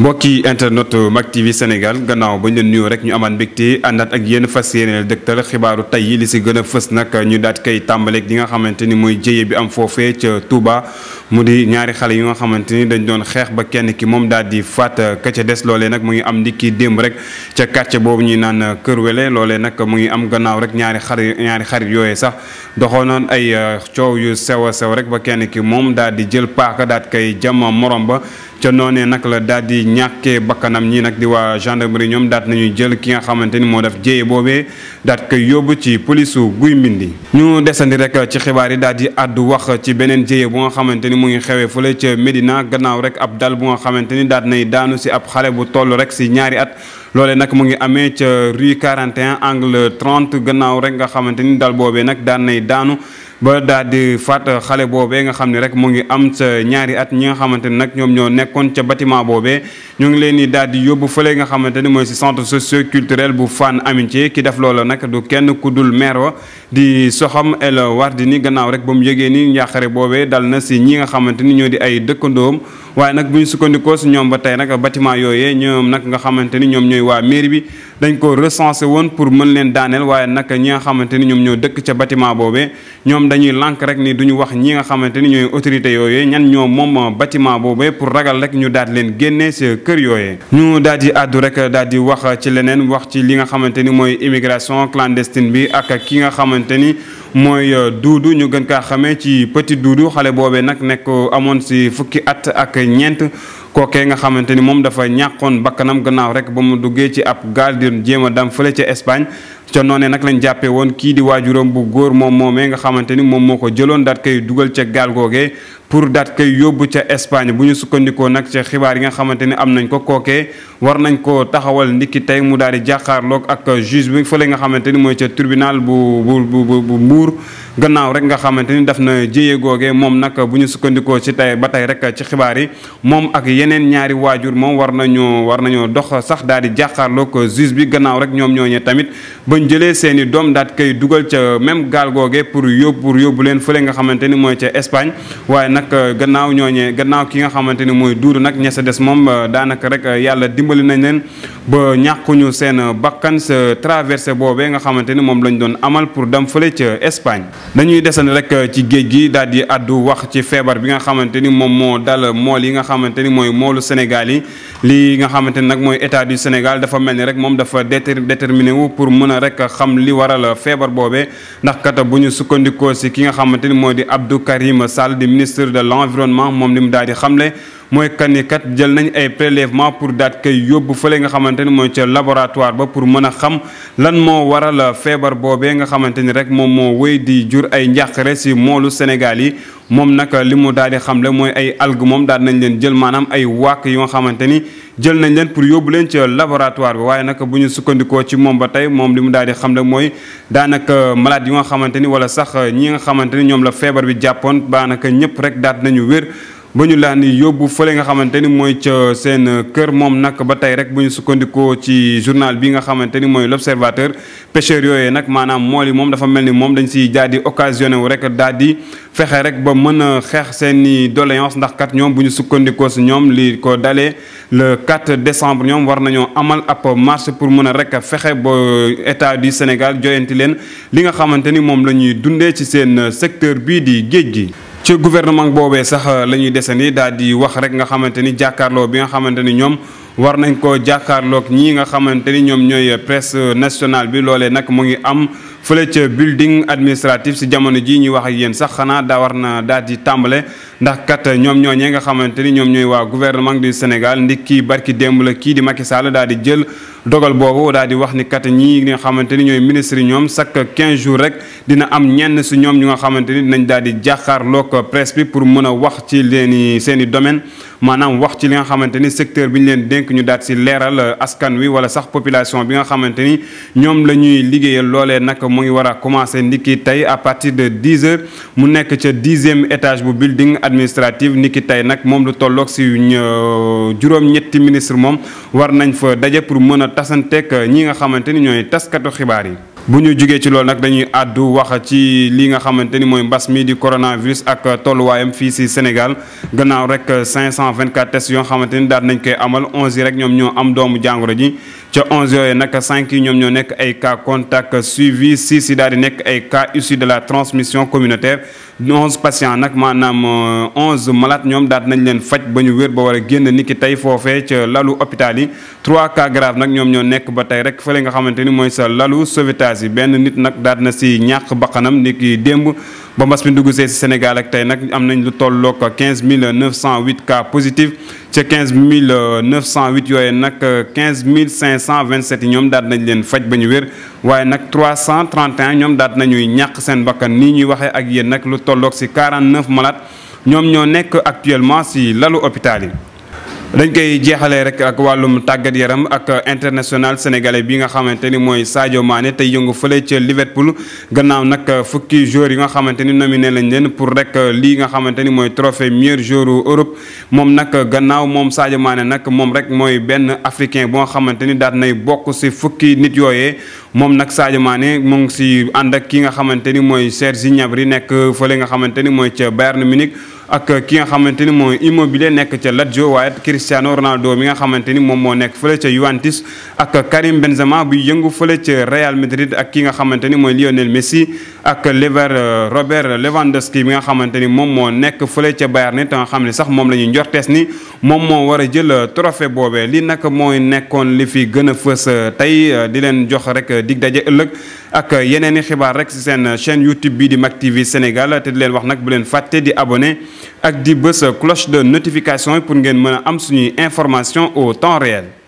mbokki internet Mak TV Sénégal gannaaw bañ leen nuyoo rek ñu amaat mbégte àndaat ak yenn fas yéene dëgtal xibaaru tey yi li si gën a fës nag ñu daat koy tàmbaleeg li nga xamante ni mooy jëye bi am foofee ca Touba. mu di ñaari xale yi nga xamante ni dañ doon xeex ba kenn ki moom daal di faat euh, ka ca des loolee nag mu ngi am ni kii démb rek ca quartier boobu ñuy naan euh, Kër loolee nag mu am gannaaw rek ñaari xarit ñaari xarit yooyee sax doxoonoon ay euh, coow yu sew a sew rek ba kenn ki moom daal di jël paaka daal kay jam morom ba ca noonee nag la daal di ñàkkee bakkanam ñi nag di waa gendarmerie ñoom daat nañu jël ki nga xamante ni moo def jéye boobee daat koy yóbbu ci polisu guy mbindi ñu desandi rek ci xibaar yi daal di àddu wax ci beneen jéye bu nga xamante mu ngi xewee fële ca Médina gannaaw rek ab dal bu nga xamante ni daat nay daanu si ab xale bu toll rek si ñaari at loole nag mu ngi amee ca rue 41 angle 30 gannaaw rek nga xamante ni dal boobee nag daan nay daanu ba daal di faat xale boobee nga xam ne rek mu ngi am sa ñaari at ñi nga xamante ne nag ñoom ñoo nekkoon ca batiment boobee ñu ngi leen di daal di yóbbu fële nga xamante ni mooy si centre socio culturel bu amiñ ci ki def loola nag du kenn ku dul maire wa di war di ni gannaaw rek ba mu yëgee ni njaaxare boobee dal na si ñi nga xamante ni ñoo di ay dëkkandoom waaye nag bu ñu sukkandikoo si ñoom ba tey nag bâtiment yooyee ñoom nag nga xamante ni ñoom ñooy waa mairie bi dañ ko recensé woon pour mën leen daaneel waaye nag ñi nga xamante ni ñoom ñoo dëkk ca bâtiment boobe ñoom dañuy lànk rek ni duñu wax ñi nga xamante ni ñooy autorité yooyee ñan ñoo moom bâtiment boobe pour ragal rek ñu daal leen génnee sa kër yooye ñu daal di àddu rek daal di wax ci leneen wax ci li nga xamante ni mooy immigration clandestine bi ak ki nga xamante ni mooy euh, duudu ñu gën kaa xamee ci petit duudu xale boobee nag nekk amoon si fukki at ak ñeent kookee nga xamante ni moom dafa ñàqoon bakkanam gannaaw rek ba mu duggee ci ab gaal di jéem a dam fële ca Espagne ca noonee nag lañu jàppee woon kii di waajuram bu góor moom moomee nga xamante ni moom moo ko jëloon daat koy dugal ca gaal googee pour daat koy yóbbu ca Espagne bu ñu sukkandikoo nag ca xibaar yi nga xamante ni am nañ ko kooke war nañ ko taxawal ndikki tey mu daal di jàkkaarloog ak juge bi fële nga xamante ni mooy ca tribunal bu bu bu Mbuur gannaaw rek nga xamante ni daf na jéye moom nag bu ñu sukkandikoo ci tey ba tey rek ci xibaar yi moom ak yeneen ñaari waajur moom war nañoo war nañoo dox sax daal di jàkkaarloog juge bi gannaaw rek ñoom ñooñee tamit bañ jëlee seeni i doom daat koy dugal ca même gaal googe pour yóbbu pour yóbbu leen fële nga xamante ni mooy ca Espagne waaye nag euh, gannaaw ñooñee gannaaw ki nga xamante ni mooy duudu nag ña sa des moom euh, rek euh, yàlla dimbali nañ leen ba ñàkkuñu seen bakkan sa boobee nga xamante ni moom lañ doon amal pour dem fële ca Espagne. dañuy desandi rek ci géej gi daal di àddu wax ci feebar bi nga xamante ni moom moo dal mool yi nga xamante ni mooy moolu Sénégal yi li nga xamante ni nag mooy état du Sénégal dafa mel ni rek moom dafa déterminé wu pour mën a rek xam li waral feebar boobe ndax kat bu ñu sukkandikoo ki nga xamante moo di Abdou Karim Sall di ministre. ministre de l'environnement moom li mu daal di xamle mooy kan ni kat jël nañ ay prélèvement pour daat koy yóbbu fële nga xamante ni mooy ca laboratoire ba pour mën a xam lan moo waral feebar boobee nga xamante ni rek moom moo wéy di jur ay njàqare si moolu Sénégal yi moom nag li mu daal di xamle mooy ay algues moom daal nañ leen jël maanaam ay wàkk yoo xamante ni jël nañ leen pour yóbbu leen ca bi waaye nag bu ñu sukkandikoo ci moom ba tey moom li mu daal di xamle mooy daanaka malade yi nga xamante ni wala sax ñi nga xamante ni ñoom la feebar bi jàppoon daanaka ñëpp rek daat nañu wér. ba ñu laan yóbbu fële nga xamante ni mooy ca seen kër moom nag ba tey rek bu ñu sukkandikoo ci journal bi nga xamante ni mooy l'observateur pêcheurs yooyu nag maanaam mool yi moom dafa mel ni moom dañ siy jaar di occasionné wu rek daal di fexe rek ba mën a xeex seen i doléance ndax kat ñoom bu ñu sukkandikoo si ñoom li ko dalee le 4 décembre ñoom war nañoo amal ab marche pour mën a rek fexe ba état du Sénégal joyanti leen li nga xamante ni moom la ñuy dundee ci seen secteur bii di géej gi. ci gouvernement boobee sax euh, la ñuy desani daal di wax rek nga xamante ni jàkkaarloo bi nga xamante ni ñoom war nañ ko jàkkaarloog ñii nga xamante ni ñoom ñooy presse euh, nationale bi loolee nag mu ngi am fële ca building administratif si jamono jii ñuy wax ak yéen sax xanaa daa war na daal di tàmbale ndax kat ñoom ñoo ñee nga xamante ni ñoom ñooy waa gouvernement du Sénégal ndi kii barki démb la kii di Macky Sall daal di jël dogal boobu daal di wax ni kat ñii nga xamante ni ñooy ministre ñoom chaque 15 jours rek dina am ñenn si ñoom ñu nga xamante ni dinañ daal di jàkkaarloog presse bi pour mën a wax ci leen seen i domaine maanaam wax ci li nga xamante ni secteur bi ñu leen dénk ñu daal si leeral askan wi wala sax population bi nga xamante ni ñoom la ñuy liggéeyal loolee nag mu ngi war a commencé niki tey à partir de 10 heures mu nekk ca dixième étage bu building administratif niki tey nag moom lu tolloog si euh, juróom-ñetti ministre moom tasanteeg ñi nga xamante ni ñooy taskatu xibaar yi. bu ñu jugee ci loolu nag dañuy àddu wax ci li nga xamante ni mooy mbas mi di coronavirus ak tolluwaayam fii si Sénégal gannaaw rek 524 tests yoo xamante ni daal nañ koy amal 11 yi rek ñoom ñoo am doomu jàngoro ji. ca onze yooyu nag cinq yi ñoom ñoo nekk ay cas contact suivi six yi daal di nekk ay cas issus de la transmission communautaire onze patients nag maanaam euh, onze malades ñoom daal nañ leen faj ba ñu wér ba war a génn niki tey foofe ca lalu hôpital yi trois cas graves nag ñoom ñoo nekk ba tey rek fële nga xamante ni mooy sa lalu sauvetage yi benn nit nag daal na si ñàkk bakkanam niki démb ba mbas mi dugg see si Sénégal ak tey nag am nañ lu tolloog quinze mille neuf cent huit cas positifs ca quinze mille neuf cent huit yooyu nag quinze mille cinq 127 yi ñoom daal nañ leen faj ba ñu wér waaye nag 331 ñoom daal nañuy ñàq seen bakkan nii ñuy waxee ak yéen nag lu tolloog si 49 malade ñoom ñoo nekk actuellement si lalu hôpital yi dañ koy jeexalee rek ak wàllum tàggat yaram ak international sénégalais bi nga xamante ni mooy Sadio maane tey yëngu fële ca Liverpool gannaaw nag fukki joueurs yi nga xamante ni nominé lañ leen pour rek lii nga xamante ni mooy trophée meilleur joueur Europe. moom nag gannaaw moom Sadio maane nag moom rek mooy benn africain bu nga xamante ni daat nay bokk si fukki nit yooye moom nag saajo maane mu si ànd ak ki nga xamante ni mooy Serge Gnabry nekk fële nga xamante ni mooy ca Bayern Munich. ak ki nga xamante ni mooy Immobile nekk ca Lazio waaye Cristiano Ronaldo mi nga xamante ni moom moo nekk fële ca Juventus ak Karim Benzema bu yëngu fële ca Real Madrid ak ki nga xamante ni mooy Lionel Messi ak Lever Robert Lewandowski mi nga xamante ni moom moo nekk fële ca Bayern nit nga xam ne sax moom la ñuy njortees ni moom moo war a jël trophée boobee li nag mooy nekkoon li fi gën a fës euh, tey euh, di leen jox rek euh, dig daje ëllëg ak yeneen i xibaar rek si seen chaîne YouTube bii di Mak TV Sénégal te di leen wax nag bu leen fàtte di abonné ak di bës cloche de notification pour ngeen mën a am suñuy information au temps réel